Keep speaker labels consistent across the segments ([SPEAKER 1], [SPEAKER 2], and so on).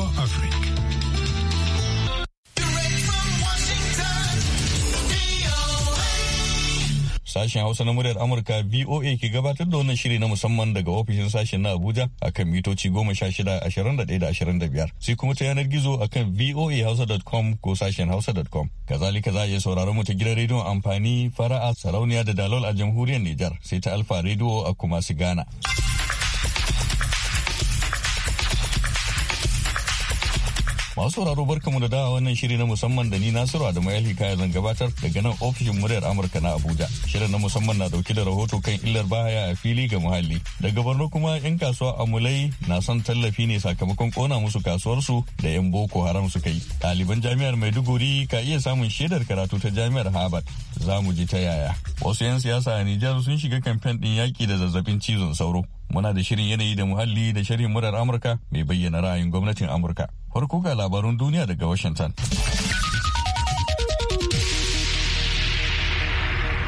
[SPEAKER 1] Power Africa. Sashen Hausa na muryar Amurka VOA ke gabatar da wannan shiri na musamman daga ofishin sashen na Abuja a kan mitoci goma sha shida ashirin da sai kuma ta yanar gizo a akan voahausa.com ko sashen hausa.com. Kazalika za a iya sauraron mu ta gidan rediyon amfani fara'a sarauniya da dalol a jamhuriyar Nijar sai ta Alfa rediyo a kuma su Ghana. Masu sauraro barkamu da dawa wannan shiri na musamman da ni Nasiru Adamu Yali hikaya zan gabatar daga nan ofishin muryar Amurka na Abuja. Shirin na musamman na dauke da rahoto kan illar bahaya a fili ga muhalli. Daga barno kuma 'yan kasuwa Amulai na son tallafi ne sakamakon kona musu kasuwarsu da 'yan Boko Haram suka yi. Ɗaliban jami'ar Maiduguri ka iya samun shaidar karatu ta jami'ar Harvard. Za mu ji ta yaya. Wasu 'yan siyasa a Nijar sun shiga kamfen ɗin yaƙi da zazzabin cizon sauro. Muna da shirin yanayi da muhalli da shirin murar Amurka mai bayyana ra'ayin gwamnatin Amurka. Farko ga labarun duniya daga Washington.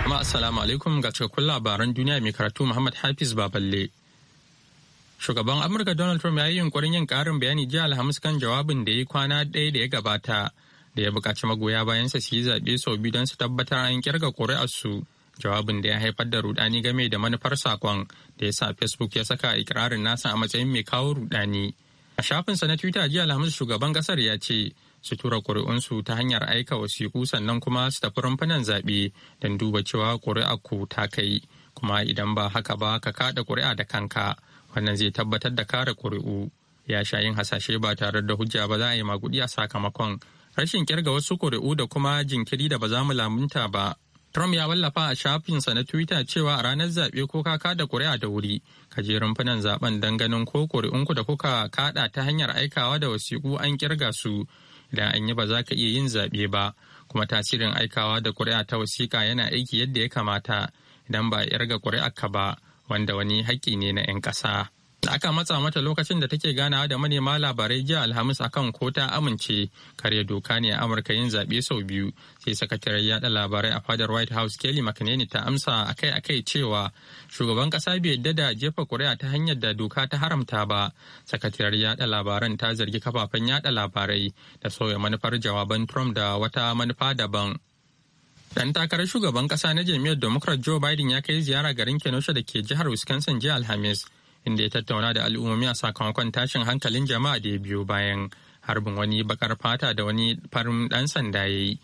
[SPEAKER 2] Jama'a assalamu alaikum ga cikakkun labaran duniya mai karatu Muhammad Hafiz Baballe. Shugaban Amurka Donald Trump ya yi yunkurin yin karin bayani jiya Alhamis kan jawabin da ya kwana ɗaya da ya gabata da ya buƙaci magoya bayansa su yi zaɓe sau biyu don su tabbatar an kirga ƙuri'arsu jawabin da ya haifar da rudani game da manufar sakon da ya sa facebook ya saka ikirarin nasa a matsayin mai kawo rudani a shafinsa na twitter jiya alhamis shugaban kasar ya ce su tura ƙuri'unsu ta hanyar aika wasiƙu sannan kuma su tafi rumfunan zaɓe don duba cewa ƙuri'a ku ta kai kuma idan ba haka ba ka kaɗa ƙuri'a da kanka wannan zai tabbatar da kare ƙuri'u ya sha yin hasashe ba tare da hujja ba za a yi maguɗi a sakamakon rashin kirga wasu ƙuri'u da kuma jinkiri da ba za mu lamunta ba Trump ya wallafa a shafinsa na Twitter cewa a ranar zaɓe ko kaka da ƙuri'a da wuri, kajerun je rumfunan zaben don ganin ko ƙuri'unku da kuka kaɗa ta hanyar aikawa da wasiƙu an ƙirga su, idan an yi ba za ka iya yin zaɓe ba, kuma tasirin aikawa da ƙuri'a ta wasiƙa yana aiki yadda ya kamata, idan ba a ƙirga ka ba, wanda wani haƙƙi ne na 'yan ƙasa. da aka matsa mata lokacin da take ganawa da manema labarai jiya alhamis akan ko ta amince karya doka ne a amurka yin zaɓe sau biyu sai sakatariyar yaɗa labarai a fadar white house kelly mcneny ta amsa akai-akai cewa shugaban ƙasa bai yadda da jefa kuri'a ta hanyar da doka ta haramta ba sakatariyar yada labaran ta zargi kafafen yaɗa labarai da sauya manufar jawaban trump da wata manufa daban Dan takarar shugaban ƙasa na jam'iyyar Democrat Joe Biden ya kai ziyara garin Kenosha da ke jihar Wisconsin jiya Alhamis inda ya tattauna da al'ummomi a sakamakon tashin hankalin jama'a da ya biyo bayan harbin wani bakar fata da wani farin dan sanda ya yi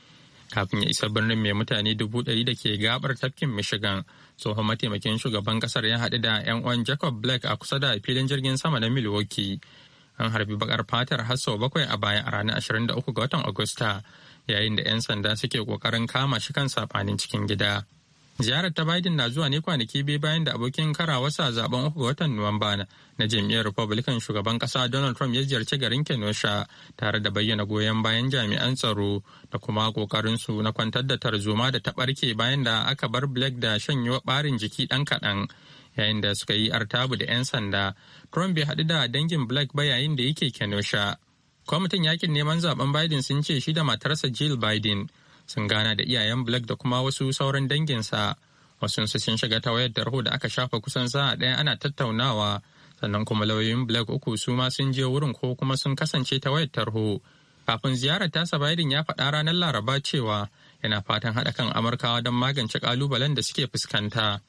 [SPEAKER 2] kafin ya isa birnin mai mutane dubu ɗari da ke gabar tafkin michigan tsohon mataimakin shugaban kasar ya haɗu da yan uwan jacob blake a kusa da filin jirgin sama na milwaukee an harbi bakar fatar har sau bakwai a baya a ranar ashirin da uku ga watan agusta yayin da 'yan sanda suke kokarin kama shi kan saɓanin cikin gida Ziyarar ta Biden na zuwa ne kwanaki biyu bayan da abokin karawarsa zaben uku ga watan Nuwamba na jam'iyyar Republican shugaban kasa Donald Trump ya ziyarci garin Kenosha tare da bayyana goyon bayan jami'an tsaro da kuma su na kwantar da tarzoma da ta barke bayan da aka bar Blake da shanyewa barin jiki dan kaɗan yayin da suka yi artabu da 'yan sanda. Trump bai haɗu da dangin Blake ba yayin da yake Kenosha. Kwamitin yakin neman zaben Biden sun ce shi da matarsa Jill Biden sun gana da iyayen Blake da kuma wasu sauran danginsa. Wasunsu sun shiga ta wayar tarho da aka shafa kusan sa'a ɗaya ana tattaunawa, sannan kuma lauyoyin Blake uku su ma sun je wurin ko kuma sun kasance ta wayar tarho. Kafin ziyarar tasa Biden ya faɗa ranar Laraba cewa yana fatan haɗa kan Amurkawa don magance ƙalubalen da suke fuskanta.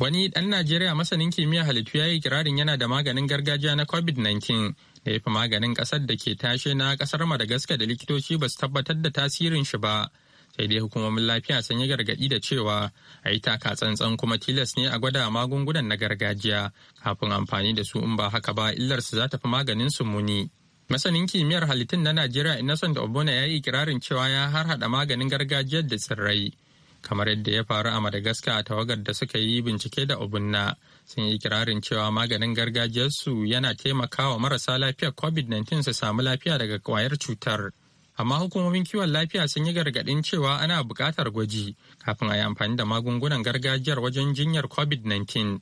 [SPEAKER 2] Wani ɗan Najeriya masanin kimiyya halittu ya yi kirarin yana da maganin gargajiya na COVID-19 da ya fi maganin kasar da ke tashe na kasar Madagascar da likitoci ba su tabbatar da tasirin shi ba. Sai dai hukumomin lafiya sun yi gargaɗi da cewa a yi taka tsantsan kuma tilas ne a gwada magungunan na gargajiya kafin amfani da su in ba haka ba illar su za ta fi maganin su muni. Masanin kimiyyar halittun na Najeriya Innocent Obona ya yi ikirarin cewa ya harhaɗa maganin gargajiyar da tsirrai kamar yadda ya faru a madagascar a tawagar da suka yi bincike da obinna sun yi kirarin cewa maganin gargajiyarsu yana taimakawa marasa lafiyar covid-19 su samu lafiya daga kwayar cutar amma hukumomin kiwon lafiya sun yi gargaɗin cewa ana buƙatar gwaji kafin a yi amfani da magungunan gargajiyar wajen jinyar covid-19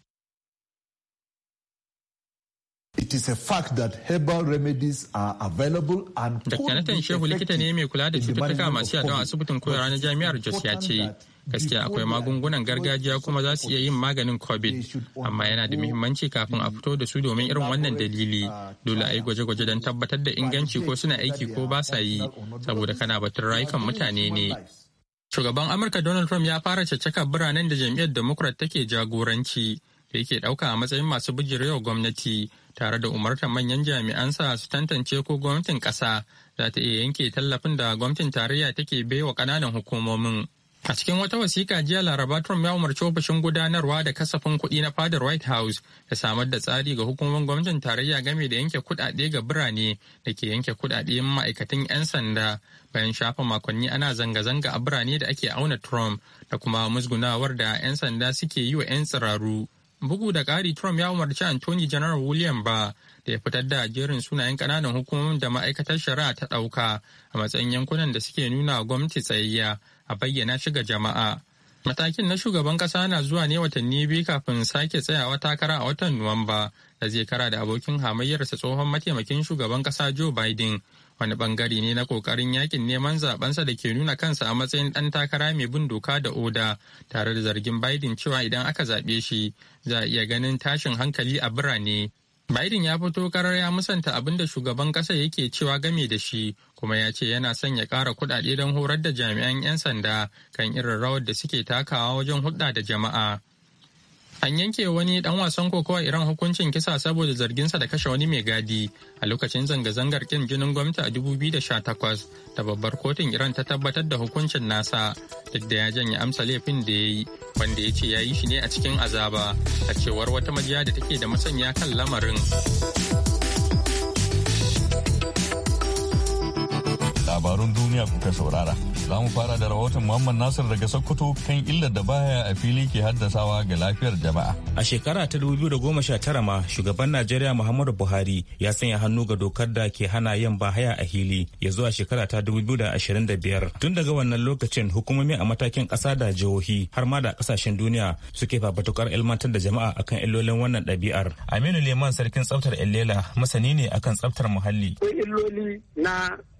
[SPEAKER 3] it is a fact that herbal remedies are
[SPEAKER 4] available and Dr. Shehu likita ne mai
[SPEAKER 2] kula da cututtuka masu yaduwa asibitin koyarwa na jami'ar Jos ya ce gaskiya akwai magungunan gargajiya kuma za su iya yin maganin covid amma yana da muhimmanci kafin a fito da su domin irin wannan dalili uh, dole a yi gwaje-gwaje don tabbatar da inganci ko suna aiki ko ba sa yi saboda kana batun rayukan mutane ne shugaban amurka donald trump ya fara caccaka biranen da jam'iyyar democrat take jagoranci da yake ɗauka a matsayin masu bijirewa gwamnati tare da umartar manyan jami'an sa su tantance ko gwamnatin ƙasa za ta iya yanke tallafin da gwamnatin tarayya take baiwa ƙananan hukumomin. A cikin wata wasiƙa jiya Laraba Trump ya umarci ofishin gudanarwa da kasafin kuɗi na fadar White House da samar da tsari ga hukumomin gwamnatin tarayya game da yanke kuɗaɗe ga birane da ke yanke kuɗaɗe ma'aikatan 'yan sanda bayan shafa makonni ana zanga-zanga a birane da ake auna Trump da kuma musgunawar da 'yan sanda suke yi wa 'yan tsiraru. bugu da ƙari trump ya umarci antony general william ba da ya fitar da jerin sunayen ƙananan hukumomin da ma'aikatar shari'a ta ɗauka a matsayin yankunan da suke nuna gwamnati tsayayya a bayyana shi ga jama'a matakin na shugaban ƙasa na zuwa ne watanni biyu kafin sake tsayawa takara a watan nuwamba da zai kara da abokin hamayyarsa tsohon mataimakin shugaban ƙasa joe biden wani bangare ne na kokarin yakin neman zabensa da ke nuna kansa a matsayin dan takara mai bin doka da oda tare da zargin biden cewa idan aka zaɓe shi za a iya ganin tashin hankali a birane biden ya fito karar ya musanta abin da shugaban ƙasa yake cewa game da shi kuma ya ce yana son ya ƙara kuɗaɗe don horar da jami'an 'yan sanda kan irin rawar da suke takawa wajen hulɗa da jama'a An yanke wani dan wasan kokowa Iran hukuncin kisa saboda zarginsa da kashe wani mai gadi a lokacin zanga-zangar kin jinin gwamnati a 2018 da babbar kotun Iran ta tabbatar da hukuncin nasa duk da ya janye amsa laifin da ya yi wanda ya ce ya yi shi ne a cikin azaba a cewar wata majiya da take da masanya kan lamarin.
[SPEAKER 1] Labarun duniya kuka saurara. Za mu fara da rahoton Muhammad Nasir daga Sokoto kan illar da baya a fili ke haddasawa ga lafiyar jama'a. A shekara ta
[SPEAKER 5] 2019 ma shugaban Najeriya Muhammadu Buhari ya sanya hannu ga dokar da ke hana yan bahaya a hili ya zuwa shekara ta 2025. Tun daga wannan lokacin hukumomi a matakin ƙasa da jihohi har ma da ƙasashen duniya suke fafatukar ilmantar da jama'a akan illolin wannan ɗabi'ar. Aminu Leman sarkin tsaftar Ellela masani ne akan tsaftar muhalli.
[SPEAKER 6] Akwai
[SPEAKER 7] illoli na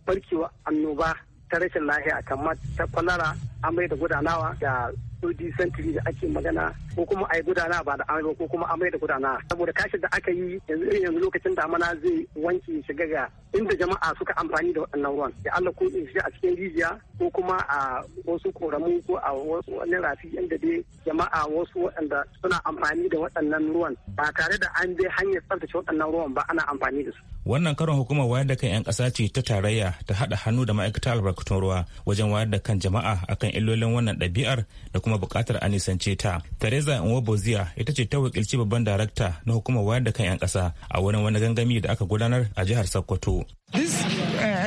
[SPEAKER 7] barkewa annoba ta rashin lahiya kamar ta kwalara amai da gudanawa da sojin sentiri da ake magana ko kuma a yi gudana ba da amai ko kuma amai da gudana saboda kashin da aka yi yanzu irin yanzu lokacin damana zai wanke shiga ga inda jama'a suka amfani da wannan ruwan da Allah ko in shiga a cikin rijiya ko kuma a wasu koramu ko a wasu wani rafi inda dai jama'a wasu waɗanda suna amfani da waɗannan ruwan ba tare da an je hanyar tsaftace waɗannan ruwan ba ana amfani da su
[SPEAKER 5] wannan karon hukumar wayar da kan 'yan ƙasa ce ta tarayya ta haɗa hannu da ma'aikatar albarkatun ruwa wajen wayar da kan jama'a akan illolin wannan ɗabi'ar da kuma buƙatar a nisance ta teresa nwabozia ita ce ta wakilci babban darakta na hukumar wayar da kan 'yan ƙasa a wurin wani gangami da aka gudanar a jihar sokoto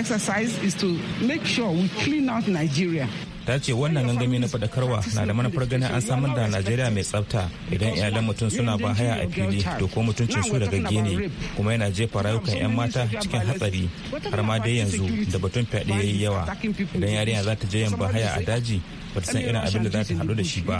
[SPEAKER 3] exercise is to make sure we clean out Nigeria.
[SPEAKER 5] ta ce wannan gangami na fadakarwa na da manufar ganin an samar da najeriya mai tsafta idan iyalan mutum suna ba haya a fili to ko mutuncin su daga gene kuma yana jefa rayukan 'yan mata cikin hatsari har ma dai yanzu da batun fyaɗe ya yi yawa idan yarinya za ta je yin ba haya a daji ba ta san irin abin da za ta haɗu da shi ba.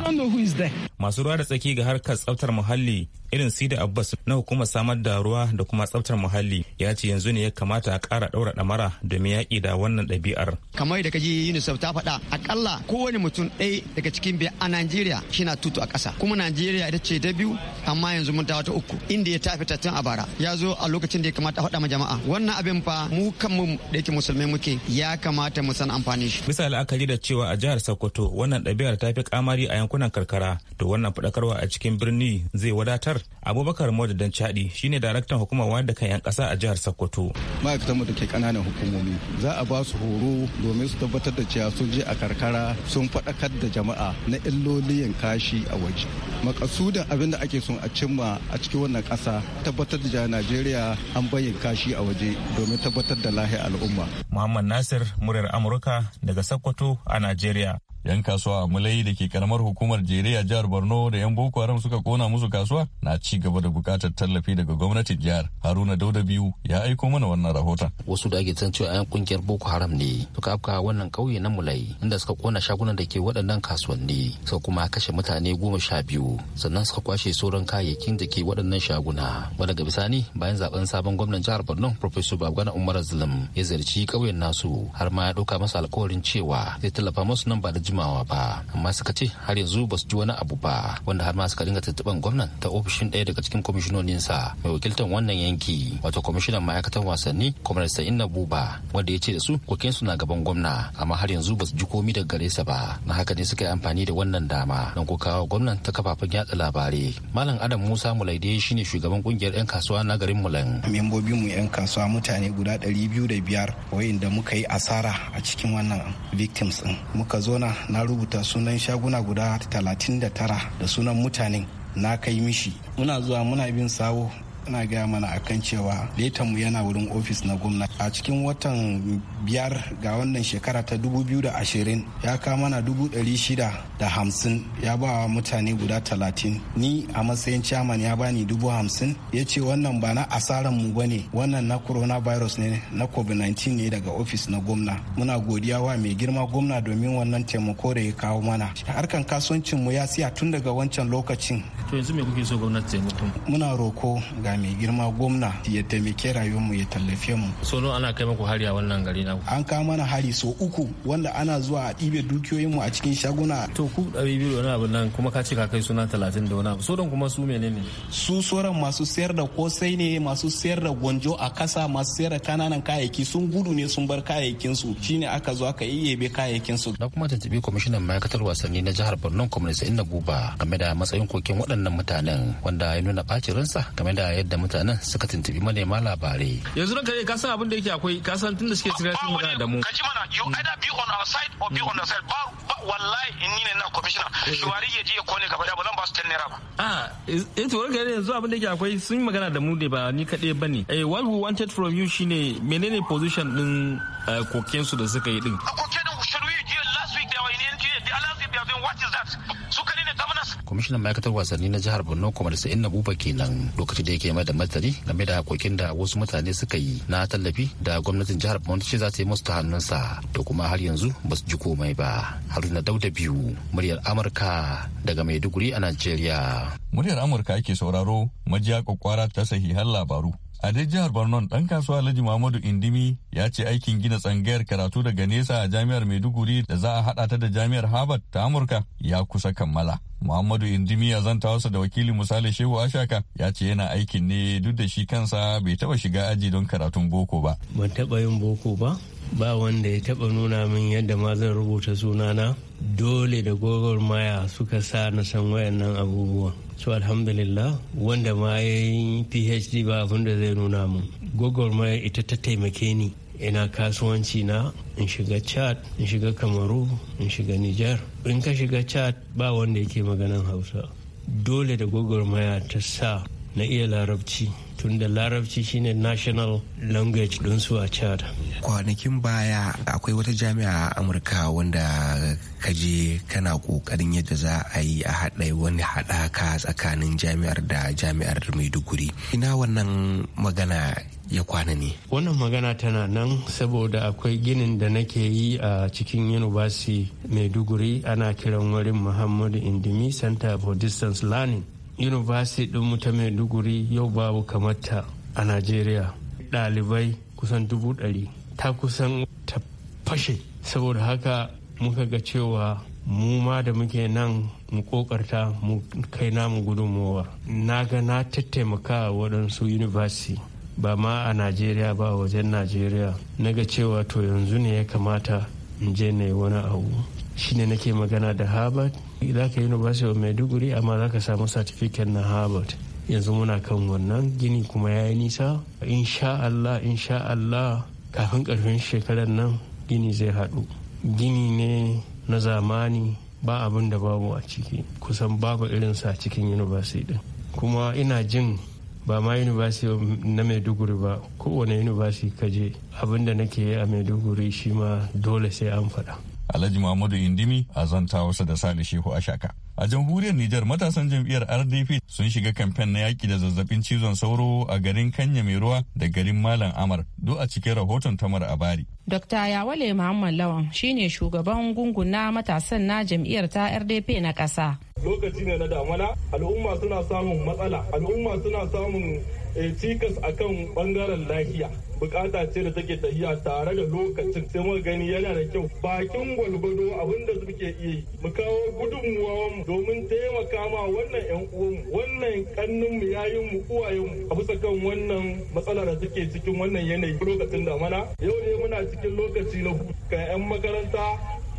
[SPEAKER 5] Masu ruwa da tsaki ga harkar tsaftar muhalli irin Sida Abbas na hukumar samar da ruwa da kuma tsaftar muhalli ya ce yanzu ne ya kamata a ƙara ɗaura ɗamara domin yaƙi da wannan ɗabi'ar.
[SPEAKER 8] Kamar da kaji UNICEF ta faɗa akalla kowane mutum ɗaya daga cikin biyar a Najeriya na tutu a ƙasa kuma Najeriya ita ce ta biyu amma yanzu mun ta wata uku inda ya tafi tattun a bara ya zo a lokacin da ya kamata a faɗa ma jama'a wannan abin fa mu kanmu da yake musulmai muke ya kamata mu san amfani shi.
[SPEAKER 5] Bisa la'akari da cewa a jihar Sokoto wannan ɗabi'ar ta fi kamari a yankunan karkara to wannan faɗakarwa a cikin birni zai wadatar abubakar maudadan chadi shine daraktan hukumar wayar da kan 'yan ƙasa a jihar sokoto ma'aikatan mu da ke
[SPEAKER 3] ƙananan hukumomi za a ba su horo domin su tabbatar da cewa sun je a karkara sun faɗakar da jama'a na illolin kashi a waje makasudin abin da ake son a cimma a cikin wannan ƙasa tabbatar da jihar najeriya an bayyana kashi a waje domin tabbatar da
[SPEAKER 1] lahiyar al'umma
[SPEAKER 5] muhammad nasir muryar amurka daga sokoto
[SPEAKER 1] a najeriya 'yan kasuwa a mulai da ke karamar hukumar jeriya jihar borno da 'yan boko haram suka kona musu kasuwa na ci gaba da bukatar tallafi daga gwamnatin jihar haruna dauda biyu ya aiko mana wannan rahoton wasu
[SPEAKER 9] da ake cewa 'yan kungiyar boko haram ne suka afka wannan kauye na mulai inda suka kona shagunan da ke waɗannan kasuwanni suka kuma kashe mutane goma sha biyu sannan suka kwashe sauran kayayyakin da ke waɗannan shaguna wanda ga bisani bayan zaben sabon gwamnan jihar borno professor babgana umar zulum ya ziyarci kauyen nasu har ma ya ɗauka masa alkawarin cewa zai tallafa musu nan ba da jimawa ba amma suka ce har yanzu ba su ji wani abu ba wanda har ma suka dinga tuntuɓan gwamnan ta ofishin ɗaya daga cikin kwamishinoninsa mai wakiltar wannan yanki wato kwamishinan ma'aikatan wasanni kwamnar na buba wanda ya ce da su kokensu na gaban gwamna amma har yanzu ba su ji komi daga gare sa ba na haka ne suka yi amfani da wannan dama don kokawa gwamnan ta kafafen yatsa labarai malam adam musa mulaide shine shugaban kungiyar 'yan kasuwa na garin mulan membobin mu 'yan kasuwa mutane guda
[SPEAKER 3] 205 da muka yi asara a cikin wannan victims din muka zo na na rubuta sunan shaguna guda 39 da sunan mutanen na kai mishi muna zuwa muna bin sawo ana gaya mana a kan cewa letan mu yana wurin ofis na gwamna a cikin watan biyar ga wannan shekara ta dubu biyu da ashirin ya ka mana dubu shida da hamsin ya ba wa mutane guda talatin ni a matsayin chairman ya bani dubu hamsin. ya ce wannan ba na asaran mu bane wannan na coronavirus ne na covid-19 ne daga ofis na gwamna muna godiya wa mai girma gwamna domin wannan taimako da ya kawo mana harkan kasuwancin mu ya siya tun daga wancan lokacin
[SPEAKER 9] to yanzu me kuke so gwamnati muku
[SPEAKER 3] muna roko ga mai girma gwamna ya taimake rayuwarmu ya tallafe mu
[SPEAKER 9] so ana kai muku hari a wannan gari na
[SPEAKER 3] an kawo mana hari so uku wanda ana zuwa a ɗibe mu a cikin shaguna to ku
[SPEAKER 9] ɗari biyu wani abu nan kuma ka ce ka kai suna talatin da wani abu don kuma su menene su
[SPEAKER 3] soran masu sayar da kosai ne masu sayar da gwanjo a kasa masu sayar da kananan kayayyaki
[SPEAKER 9] sun gudu ne sun bar kayayyakinsu shine aka zo aka kayayyakin su. na kuma tuntubi kwamishinan ma'aikatar wasanni na jihar borno kwamnati inda guba game da matsayin koken waɗannan Wannan mutanen wanda ya nuna ɓacin ransa game da yadda mutanen suka tuntubi manema labarai yanzu ranka ka san abin da yake akwai ka san tunda suke tsira sun magana da mu ka ji mana you either be on our side or be on the side ba wallahi
[SPEAKER 3] in ni ne na
[SPEAKER 7] commissioner eh. shuwari ya je ya kone gaba da ba zan ba su 10 naira ba
[SPEAKER 9] ah yanzu eh, ranka yanzu abin da yake akwai sun yi magana da mu ne ba ni kaɗai ba ne eh what we wanted from you shine menene position din eh, koken su da suka yi din koken should we last week da were in NTA last week they have been what is that su ne kwamishinan ma'aikatar wasanni na jihar borno da sa'in na buba kenan lokacin da yake mai da martani game da hakokin da wasu mutane suka yi na tallafi da gwamnatin jihar borno ce za ta yi musu ta hannunsa to kuma har yanzu ba su ji komai ba haruna dauda biyu muryar amurka daga maiduguri a najeriya
[SPEAKER 1] muryar amurka ake sauraro majiya kwakwara ta sahihan labaru A dai jihar Borno ɗan kasuwa Alhaji Muhammadu Indimi ya ce aikin gina tsangayar karatu daga nesa a jami'ar Maiduguri da za a haɗa ta da jami'ar Harvard ta Amurka ya kusa kammala. Muhammadu Indimi ya zanta wasa da wakilin misali Shehu Ashaka ya ce yana aikin ne duk da shi kansa bai taɓa shiga aji don karatun boko ba. Ban taɓa
[SPEAKER 6] yin boko ba, ba wanda ya taɓa nuna min yadda ma zan rubuta sunana dole da gogor maya suka sa na san wayannan abubuwan so alhamdulillah wanda ma ya yi phd ba abin da zai nuna mu gogor maya ita ta taimake ni ina kasuwanci na in shiga chad in shiga kamaru in shiga niger in ka shiga chad ba wanda yake maganan hausa dole da gogor maya ta sa na iya larabci tunda larabci shine national language don su a chad kwanakin baya akwai wata jami'a a amurka wanda kaje
[SPEAKER 3] kana kokarin yadda za a yi a haɗa wani haɗaka tsakanin jami'ar da jami'ar maiduguri ina wannan magana ya kwana ne
[SPEAKER 6] wannan magana tana nan saboda akwai ginin da nake yi a cikin university maiduguri ana kiran wurin muhammadu indimi center for distance learning university mu ta duguri yau babu kamata a najeriya Dalibai kusan dubu ɗari ta kusan ta fashe saboda haka muka ga cewa mu ma da muke nan mu kokarta mu kai namu gudunmowa na ga na tattaimaka waɗansu university ba ma a najeriya ba wajen najeriya na ga cewa to yanzu ne ya kamata in je na wani abu shine nake magana da harvard za ka yi university of maiduguri amma za ka samu certificate na harvard yanzu muna kan wannan gini kuma ya yi nisa insha allah insha allah kafin karfin shekarar nan gini zai haɗu gini ne na zamani ba abin da babu a ciki kusan babu irinsa a cikin university din kuma ina jin ba ma university na maiduguri ba kowane university kaje abin da
[SPEAKER 1] nake yi a maiduguri shi ma dole sai an faɗa Alhaji Muhammadu Indimi a zanta wasa da Sale Shehu a shaka. A jamhuriyar Nijar matasan jam'iyyar RDP sun shiga kamfen na yaƙi da zazzabin cizon sauro a garin Kanya mai ruwa da garin Malam Amar duk a cikin rahoton Tamar a bari.
[SPEAKER 10] dokta Yawale Muhammad Lawan shine shugaban gungun na matasan na jam'iyyar ta RDP na ƙasa.
[SPEAKER 4] Lokaci ne na damana al'umma suna samun matsala al'umma suna samun eh, cikas akan bangaren lahiya. bukata ce da take tafiya tare da lokacin sai mu gani yana da kyau bakin gwalgwado abinda suke iya yi mu kawo gudunmuwa domin taimaka ma wannan 'yan uwan. wannan kannunmu mu uwayenmu a bisa kan wannan matsala da take cikin wannan yanayi lokacin da mana, yau ne muna cikin lokaci na ga 'yan makaranta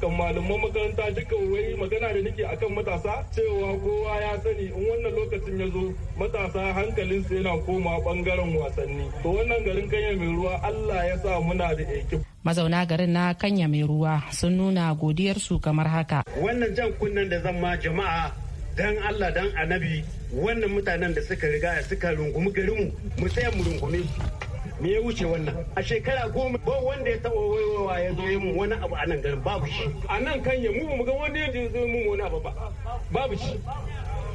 [SPEAKER 4] kan malaman makaranta duka wai magana da nake akan matasa cewa kowa ya sani in wannan lokacin ya zo matasa hankalin su yana koma bangaren wasanni to wannan garin kanya mai ruwa Allah ya sa muna da ekip
[SPEAKER 10] mazauna garin na kanya mai ruwa sun nuna godiyarsu kamar haka
[SPEAKER 4] wannan
[SPEAKER 7] jan kunnen da zan ma jama'a dan allah dan annabi wannan mutanen da suka riga suka rungumi garinmu mu tsaye mu rungume me ya wuce wannan a shekara goma ba wanda ya taɓa wayowa ya zo mu wani abu a nan garin babu shi a nan kanya mu mu ga wanda ya zo
[SPEAKER 5] mu wani abu ba babu shi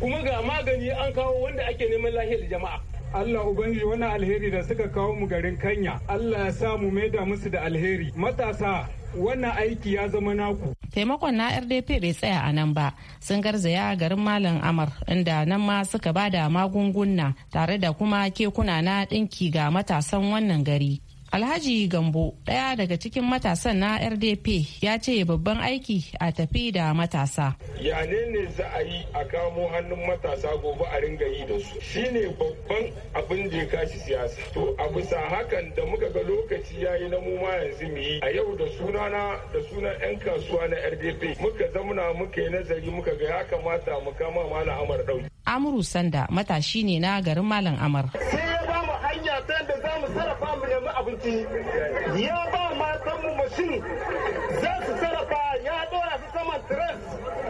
[SPEAKER 5] kuma ga magani an kawo wanda ake neman lahiyar jama'a Allah Ubangiji wani alheri da suka kawo mu garin Kanya. Allah ya sa mu maida musu da alheri. Matasa wannan aiki ya zama naku.
[SPEAKER 10] Taimakon na RDP bai tsaya a nan ba. Sun garzaya garin Malam Amar inda nan ma suka bada magunguna tare da kuma kekuna na ɗinki ga matasan wannan gari. Alhaji Gambo ɗaya daga cikin matasan na RDP ya ce babban aiki a tafi da matasa.
[SPEAKER 4] Ya ne za a yi a kamo hannun matasa gobe a ringa yi da su. Shi ne babban abin da ya kashi siyasa. To a bisa hakan da muka ga lokaci ya yi na mu ma yanzu mu yi. A yau da sunana da sunan 'yan kasuwa na
[SPEAKER 5] RDP muka zamuna muka yi nazari muka ga ya kamata mu kama Malam Amar ɗauki.
[SPEAKER 10] Amuru Sanda matashi ne na garin Malam Amar.
[SPEAKER 3] hanya ta yadda za mu sarrafa mu nemi abinci ya
[SPEAKER 7] ba matan mu mashin za su sarrafa ya dora su saman tres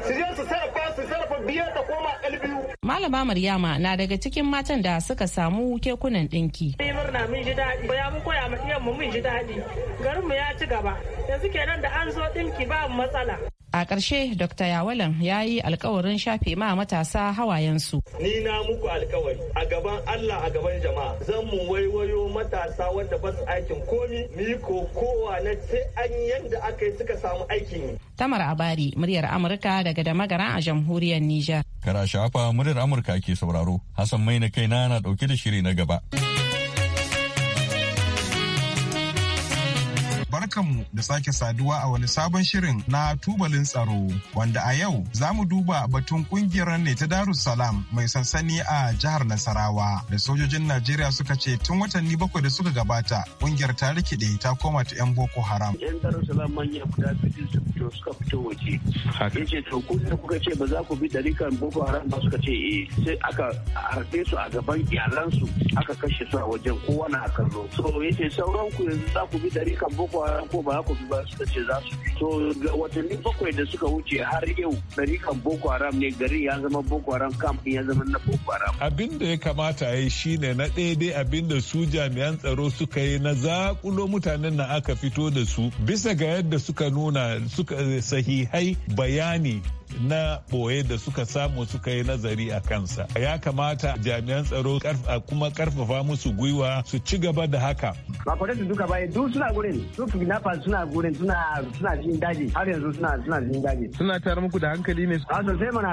[SPEAKER 7] su je su sarrafa su sarrafa biyar ta koma biyu.
[SPEAKER 10] malama maryama na daga cikin matan da suka samu kekunan ɗinki.
[SPEAKER 7] mun murna mun ji daɗi ya mun koya ma iyan mu mun ji daɗi garinmu ya ci gaba yanzu kenan da an zo ɗinki ba matsala.
[SPEAKER 10] a ƙarshe dr yawalan ya yi alkawarin shafe ma matasa hawayensu
[SPEAKER 7] ni na muku alkawari a gaban allah a gaban jama'a zan mu waiwayo matasa wanda ba su aikin komi ko
[SPEAKER 10] kowa na sai an yanda aka yi suka samu aikin yi tamar abari muryar amurka daga da magara a jamhuriyar niger
[SPEAKER 1] kara shafa muryar amurka ke sauraro hassan mai na na na dauke da shiri na gaba.
[SPEAKER 4] barkanmu da sake saduwa a wani sabon shirin na tubalin tsaro wanda a yau za mu duba batun kungiyar ne ta Darussalam mai sansani a jihar Nasarawa da sojojin Najeriya suka ce tun watanni bakwai da suka gabata kungiyar ta rikide ta koma ta 'yan Boko Haram. 'Yan Darussalam manya guda fito suka fito waje ya ce to
[SPEAKER 7] ku kuka ce ba za ku bi darikan boko haram ba suka ce eh sai aka harbe su a gaban iyalansu aka kashe su a wajen kowa na kallo so yace sauran ku yanzu za ku bi darikan boko haram ko ba za ku bi ba suka ce za su so watanni bakwai da suka wuce har yau darikan boko haram ne garin ya zama boko haram camp ya zama na boko
[SPEAKER 11] haram abin da ya kamata ya yi shine na daidai abin da su jami'an tsaro suka yi na zakulo mutanen na aka fito da su bisa ga yadda suka nuna suka sahihai bayani na boye da suka samu suka yi nazari a kansa ya kamata jami'an tsaro kuma karfafa musu gwiwa su ci gaba da haka
[SPEAKER 12] ba duka suna gurin su kidnappers suna gurin har yanzu suna suna suna tare da hankali ne a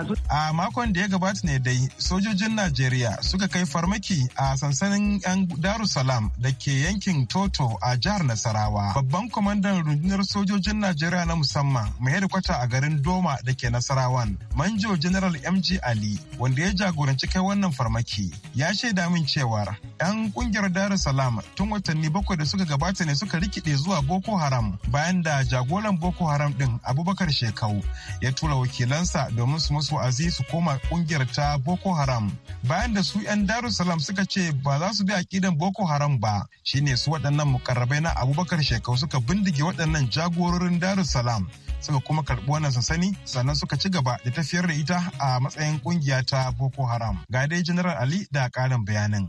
[SPEAKER 12] su
[SPEAKER 4] a makon da ya gabata ne dai sojojin Najeriya suka kai farmaki a sansanin yan Darussalam da ke yankin Toto a jihar Nasarawa babban kwamandan rundunar sojojin Najeriya na musamman mai hedikwata a garin Doma da ke Nasarawa Nasarawan, Manjo General MG Ali, wanda ya jagoranci kai wannan farmaki, ya shaida min cewar 'yan kungiyar Dar Salam tun watanni bakwai da suka gabata ne suka rikide zuwa Boko Haram bayan da jagoran Boko Haram din Abubakar Shekau ya tura wakilansa domin su musu azi su koma kungiyar ta Boko Haram. Bayan da su 'yan Dar Salam suka ce ba za su bi akidan Boko Haram ba, shine su waɗannan mukarrabai na Abubakar Shekau suka bindige waɗannan jagororin Dar Salam. suka kuma karɓi wannan sansani sannan suka ci gaba da tafiyar da ita a matsayin kungiya ta Boko Haram. Ga dai General Ali da ƙarin bayanin.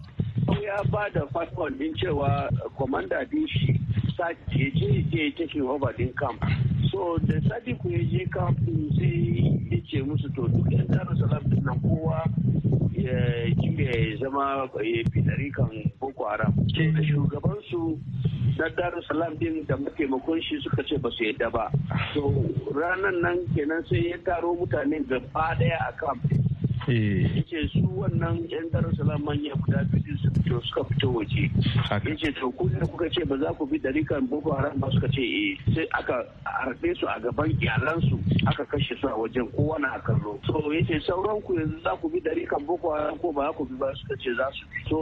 [SPEAKER 7] Ya ba da fasfon din cewa Komanda din shi sake je je take over din camp. So da Sadiku ya je camp din sai ya ce musu to duk yan salam din nan kowa ya kime zama ya fitari kan Boko Haram. Ce da shugabansu na salam din da mataimakon shi suka ce ba su yadda ba to ranar nan kenan sai ya taro mutane gaba daya kan Eh. yace su wannan yan darussalam manya guda biyu su fito suka fito waje yace to ku da kuka ce ba za ku bi darikan boko haram ba suka ce eh sai aka harbe su a gaban iyalansu aka kashe su a wajen kowa na kallo so yace sauran ku yanzu za ku bi darikan boko haram ko ba za ku bi ba suka ce za su bi so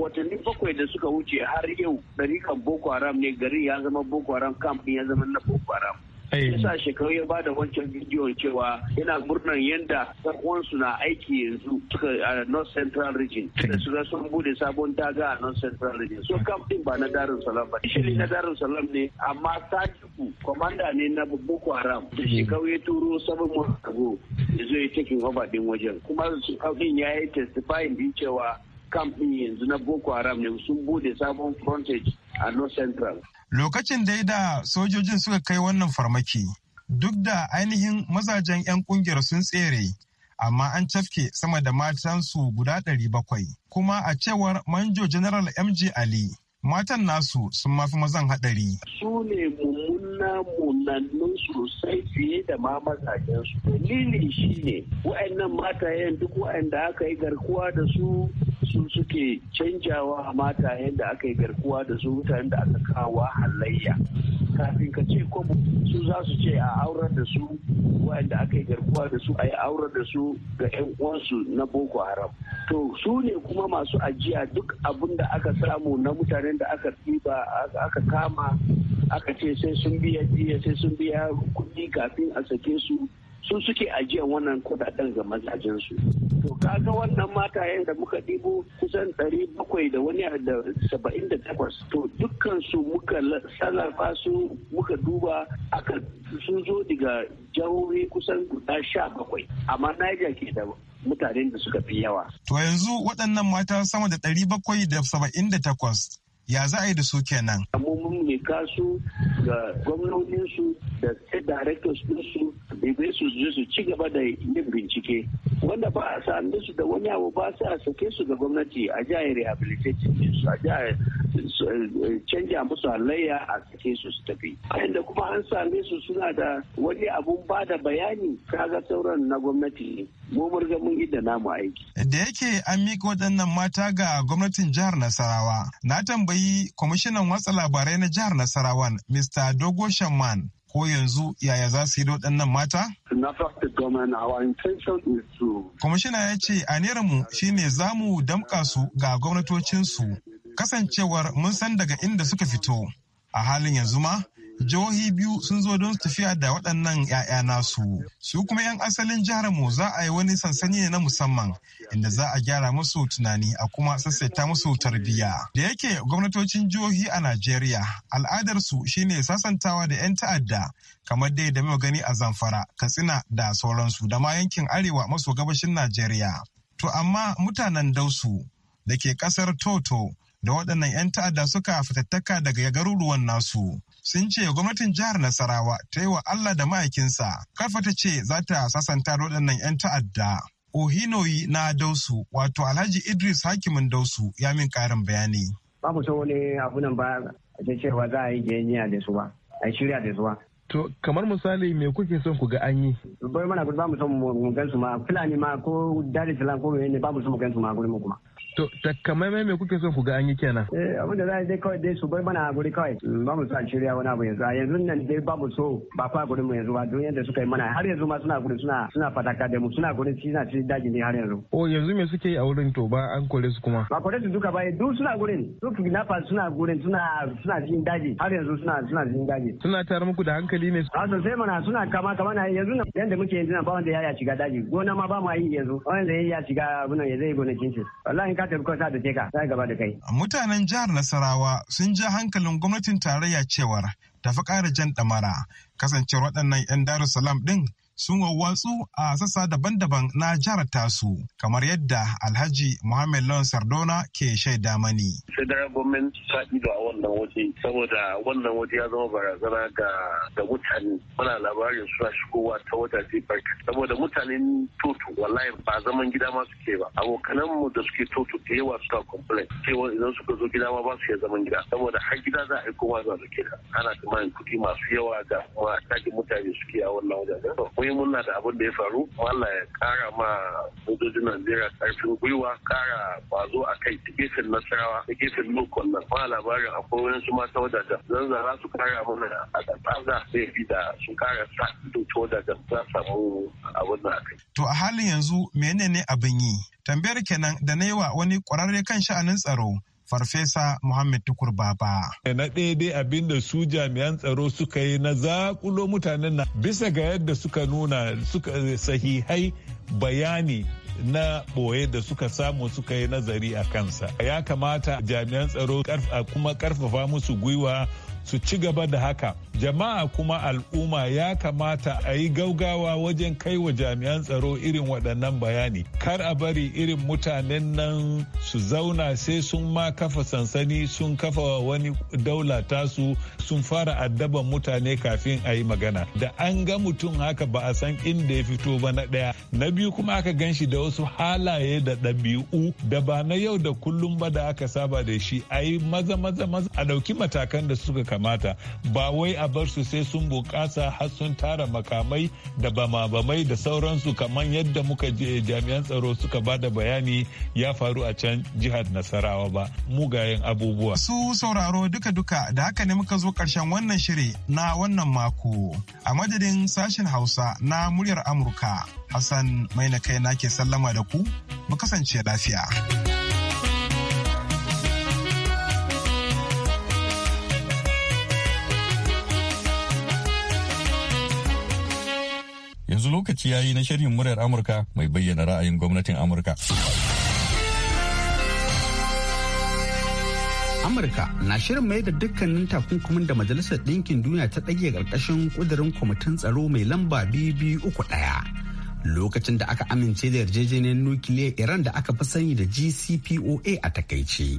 [SPEAKER 7] watanni bakwai da suka wuce har yau ɗarikan boko haram ne gari ya zama boko haram kamfani ya zama na boko haram yasa shekaru ya bada wancan bidiyo cewa yana murnar yadda uwansu na aiki yanzu a north central region da su sun bude sabon daga a north central region so kam ba na darin salam ba shirin na darin salam ne amma sadiku komanda ne na boko haram da hmm. shekaru ya turo sabon mako ya zo ya din wajen kuma su din ya yi testifying din cewa kamfin yanzu na boko haram ne sun bude sabon frontage a North Central.
[SPEAKER 4] Lokacin dai da sojojin suka kai wannan farmaki, duk da ainihin mazajen 'yan kungiyar sun tsere, amma an cafke sama da matansu guda ɗari Kuma a cewar Manjo General MJ Ali, matan nasu sun mafi mazan haɗari. Su
[SPEAKER 7] ne mummuna munannun sosai fiye da ma mazajen su. Dalilin shi ne, wa'annan matayen duk wa'anda aka yi garkuwa da su su suke canjawa mata yadda aka yi garkuwa da su mutanen da aka kawo halayya kafin ka ce kwabo su za su ce a aurar da su wa'anda aka yi garkuwa da su a yi aurar da su ga 'yan uwansu na boko haram to su ne kuma masu ajiya duk abin da aka samu na mutanen da aka ɗiba aka kama aka ce sai sun biya jiya sai sun biya kuɗi kafin a sake su su suke ajiyar wannan kudaden ga mazajensu to kaga wannan mata da muka ɗibo kusan ɗari bakwai da wani da saba'in da takwas to dukkansu muka sarrafa su muka duba aka sun zo daga jahohi kusan guda sha bakwai amma Niger ke da mutanen da suka fi yawa.
[SPEAKER 4] To yanzu waɗannan mata sama da ɗari bakwai da saba'in da takwas ya za a yi da su kenan. Mun mika su
[SPEAKER 7] ga gwamnoninsu da state directors ɗinsu da zai su je su ci gaba da yin bincike wanda ba a sami su da wani abu ba sai a sake su ga gwamnati a jihar rehabilitation su a jihar eh, canja musu halayya a sake su su tafi inda kuma an same su suna da wani abun ba da bayani kaga sauran na gwamnati mu murga mun da namu aiki
[SPEAKER 4] da yake an mika waɗannan mata ga gwamnatin jihar Nasarawa na tambayi kwamishinan watsa labarai na jihar Nasarawan Mr. Dogo shaman ko yanzu yaya za su yi da waɗannan mata? Kwamishina ya ce a mu ne za mu damƙa su ga gwamnatocinsu kasancewar mun san daga inda suka fito. A halin yanzu ma jihohi biyu sun zo don tafiya da waɗannan 'ya'ya nasu su kuma 'yan asalin jihar mu za a yi wani sansani na musamman inda za a gyara musu tunani a kuma sassaita musu tarbiyya da yake gwamnatocin jihohi a najeriya al'adarsu shine sasantawa da 'yan ta'adda kamar dai da gani a zamfara katsina da sauransu da ma yankin arewa maso gabashin najeriya to amma mutanen dausu da ke kasar toto da waɗannan 'yan ta'adda suka fitattaka daga garuruwan nasu sun ce gwamnatin jihar Nasarawa ta yi wa Allah da mahaikinsa karfa ta ce za ta sasanta waɗannan 'yan ta'adda. Ohinoyi na Dausu wato Alhaji Idris Hakimin Dausu ya min ƙarin bayani.
[SPEAKER 12] Ba mu so wani abu nan ba ta cewa za a yi jeniya da su ba, a yi shirya da su ba.
[SPEAKER 4] To kamar misali me kuke son ku ga an yi?
[SPEAKER 12] Bai mana ba mu son mu gan su ma Fulani ma ko Dar es Salaam ko ne ba mu son mu gan su ma gurin mu kuma. To takamaimai
[SPEAKER 1] mai kuke so ku ga an yi kenan? Eh
[SPEAKER 12] abin da za a dai kawai dai su bai mana a guri kawai. Mm, ba mu san shirya wani abu yanzu. A yanzu nan dai ba mu so ba fa gurin mu yanzu ba don yadda suka yi mana har yanzu ma suna gurin suna suna fataka da mu suna gurin suna cikin daji ne har yanzu. Oh yanzu me suke yi a wurin to ba an kore su kuma? Ba kore su duka ba eh, duk suna gurin. Duk na fa suna gurin suna suna cikin daji har yanzu suna suna cikin daji. Suna tare muku da hankali ne. A sosai mana suna kama kama na yanzu nan yanda muke yanzu nan ba wanda ya ya shiga daji. Gona ma ba mu yi yanzu. Wanda ya shiga abin nan ya zai gonakin shi. Wallahi ka da teka sai gaba da kai.
[SPEAKER 4] Mutanen jihar Nasarawa sun ja hankalin gwamnatin tarayya cewar ta fi ƙara jan ɗamara kasancewar waɗannan 'yan Darussalam ɗin sun wawwatsu a sassa daban-daban na jihar tasu kamar yadda alhaji muhammad lon sardona ke shaida mani.
[SPEAKER 7] federal government ta ido a wannan waje saboda wannan waje ya zama barazana ga da mutane muna labarin suna shigowa ta wata barka saboda mutanen toto wallahi ba zaman gida ma suke ba abokanan mu da suke totu da yawa suka complain cewa idan suka zo gida ma ba su iya zaman gida saboda har gida za a yi kowa za su ana tsammanin kuɗi masu yawa ga kuma tagin mutane suke a wannan wajen. yi murna da abin da ya faru Allah ya kara ma sojojin Najeriya karfin gwiwa kara ƙwazo a kai ta gefen Nasarawa ta gefen Lokon nan ba labarin akwai wani su mata wadajan zanzara su kara mana a tsada zai fi da su kara sa ido ta wadajan za samu abin da
[SPEAKER 4] aka To a halin yanzu menene abin yi? Tambayar kenan da na yi wa wani ƙwararre kan sha'anin tsaro Farfesa Muhammad Tukur Baba.
[SPEAKER 11] Na daidai abin da su jami'an tsaro suka yi na zaƙulo mutanen na bisa ga yadda suka nuna suka sahihai bayani na ɓoye da suka samu suka yi nazari a kansa. Ya kamata jami'an tsaro a kuma ƙarfafa musu gwiwa su ci gaba da haka jama'a kuma al'umma ya kamata a yi gaugawa wajen kai wa jami'an tsaro irin waɗannan bayani kar a bari irin mutanen nan su zauna sai sun ma kafa sansani sun kafa wani daula tasu sun fara addaban mutane kafin a yi magana da an ga mutum haka ba a san inda ya fito ba na ɗaya na biyu kuma aka gan shi da wasu halaye da ɗabi'u da ba na yau da kullum ba da aka saba da shi a yi maza maza maza a ɗauki matakan da suka kamata ba wai a bar su sai sun bukasa har sun tara makamai da bamabamai da sauransu kamar yadda muka je eh, jami'an tsaro suka ba da bayani ya faru a can jihar nasarawa ba mugayen abubuwa su
[SPEAKER 4] sauraro duka-duka da haka ne muka zo karshen wannan shiri na wannan mako a madadin sashen hausa na muryar amurka hassan mai na kai na ke sallama da ku mu kasance lafiya.
[SPEAKER 1] yanzu lokaci ya yi na shirin muryar amurka mai bayyana ra'ayin gwamnatin amurka
[SPEAKER 8] amurka na shirin mai da dukkanin takunkumin da majalisar ɗinkin duniya ta ɗage ƙarƙashin ƙudurin kwamitin tsaro mai lamba uku ɗaya. lokacin da aka amince da yarjejeniyar nukiliya iran da aka fi sani da gcpoa a takaice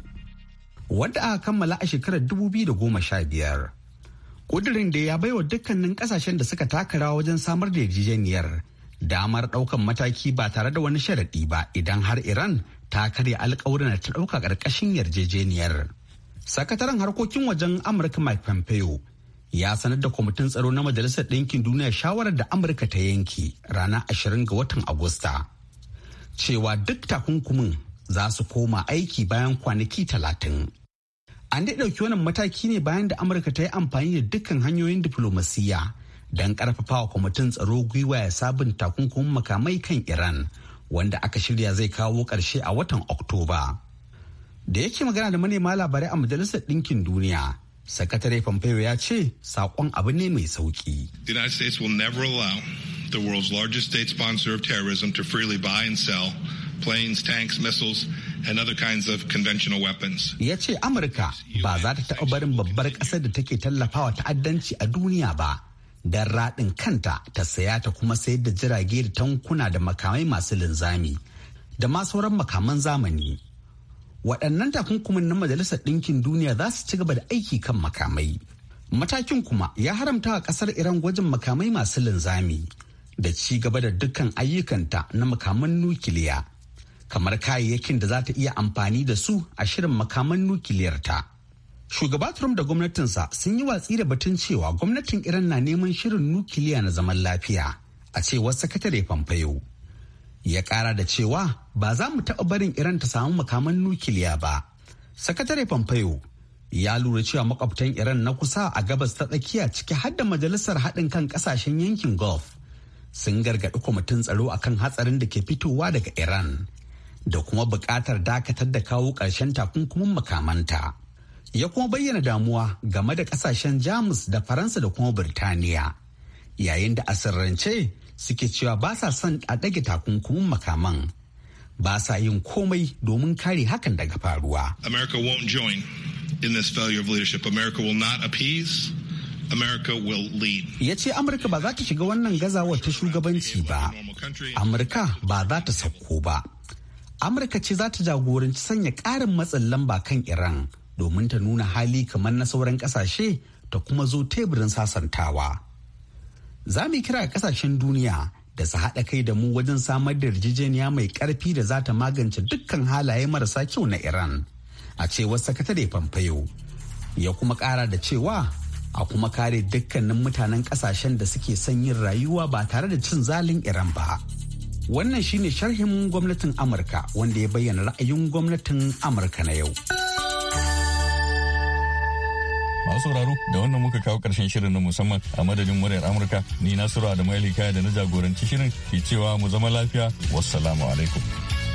[SPEAKER 8] wadda aka kammala a shekarar 2015 kudirin da ya baiwa dukkanin kasashen da suka taka rawa wajen samar da yarjejeniyar damar daukan mataki ba tare da wani sharaɗi ba idan har iran ta karya alkawura da ta ɗauka ƙarƙashin yarjejeniyar sakataren harkokin wajen amurka mike pompeo ya sanar da kwamitin tsaro na majalisar ɗinkin duniya shawarar da amurka ta yanki rana 20 ga watan agusta cewa duk takunkumin za su koma aiki bayan kwanaki talatin An dai ɗauki wannan mataki ne bayan da Amurka ta yi amfani da dukkan hanyoyin diflomasiyya don ƙarfafawa kwamitin tsaro gwiwa ya sabunta takunkumin makamai kan Iran wanda aka shirya zai kawo ƙarshe a watan Oktoba. Da yake magana da manema labarai a Majalisar Ɗinkin Duniya, Sakatare Pompeo ya ce saƙon abu ne mai sauƙi.
[SPEAKER 11] The United States will never allow the world's largest state sponsor of terrorism to freely buy and sell planes, tanks, missiles, and other kinds of conventional weapons.
[SPEAKER 8] Ya ce Amurka ba za ta taɓa barin babbar ƙasar da take tallafawa ta'addanci a duniya ba. Don raɗin kanta ta saya ta kuma sayar da jirage da tankuna da makamai masu linzami da ma sauran makaman zamani. Waɗannan takunkumin na Majalisar Ɗinkin Duniya za su ci gaba da aiki kan makamai. Matakin kuma ya haramta wa ƙasar Iran gwajin makamai masu linzami da ci gaba da dukkan ayyukanta na makaman nukiliya. kamar kayayyakin da za ta iya amfani da su a shirin makaman nukiliyar ta. Shugaba Trump da gwamnatinsa sun yi watsi da batun cewa gwamnatin Iran na neman shirin nukiliya na zaman lafiya a cewar sakatare Pompeo. Ya kara da cewa ba za mu taɓa barin Iran ta samu makaman nukiliya ba. Sakatare Pompeo ya lura cewa makwabtan Iran na kusa a gabas ta tsakiya ciki har da majalisar haɗin kan ƙasashen yankin Gulf sun gargaɗi kwamitin tsaro akan hatsarin da ke fitowa daga Iran. da kuma buƙatar dakatar da kawo ƙarshen takunkumin makamanta. Ya kuma bayyana damuwa game da ƙasashen Jamus da Faransa da kuma Birtaniya, yayin da sirrance suke cewa ba sa son a ɗage takunkumin makaman. Ba sa yin komai domin kare hakan daga faruwa.
[SPEAKER 11] America won't join in this failure of leadership. America will not appease. America will lead.
[SPEAKER 8] Ya ce Amurka ba za ta shiga wannan gazawar ta shugabanci ba. Amurka ba za ta sauko ba. amurka ce za ta jagoranci sanya ƙarin matsin lamba kan iran domin ta nuna hali kamar na sauran ƙasashe ta kuma zo teburin sasantawa za mu kira ƙasashen duniya da su haɗa kai da mu wajen samar da yarjejeniya mai ƙarfi da za ta magance dukkan halaye marasa kyau na iran a cewar sakatare pompeo ya kuma ƙara da cewa a kuma kare dukkanin mutanen ƙasashen da suke son yin rayuwa ba tare da cin zalin iran ba. Wannan shine sharhin gwamnatin Amurka wanda ya bayyana ra'ayin gwamnatin Amurka na yau.
[SPEAKER 1] Masu sauraro da wannan muka kawo karshen shirin na musamman a madadin muryar Amurka ni Nasiru Adamu Elikaya da na jagoranci shirin ke cewa mu zama lafiya wassalamu alaikum.